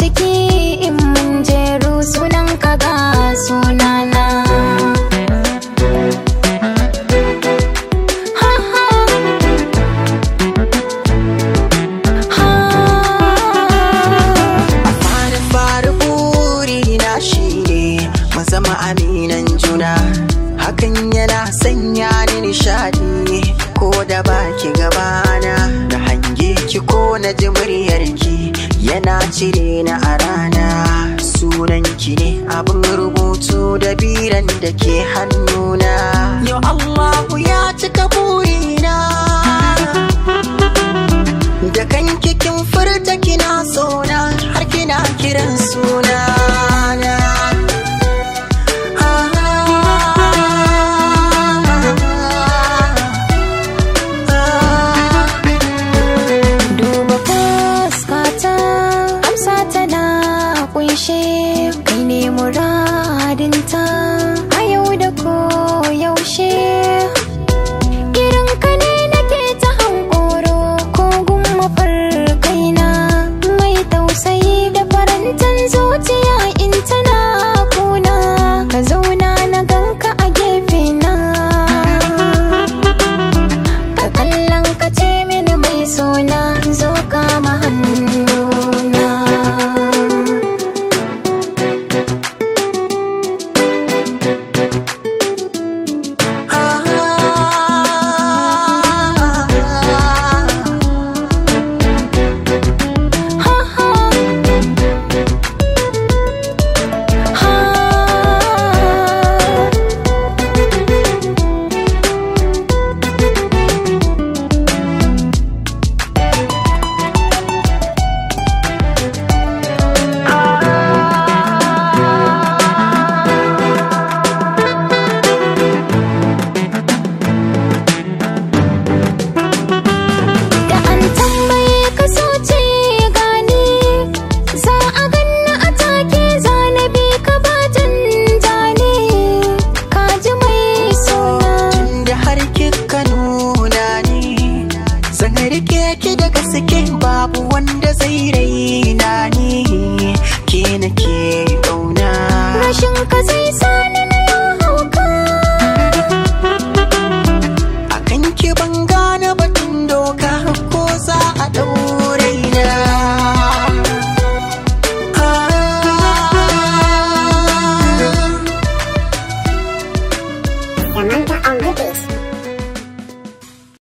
ciki in mun jeru sunan ka ga sunana zama aminan juna hakan yana sanya ni nishadi ko da baki gabana da hange ki ko na ji cire na a rana sunan ki ne abin rubutu da biran da ke hannuna yau Allahu ya ƙarshe kai muradinta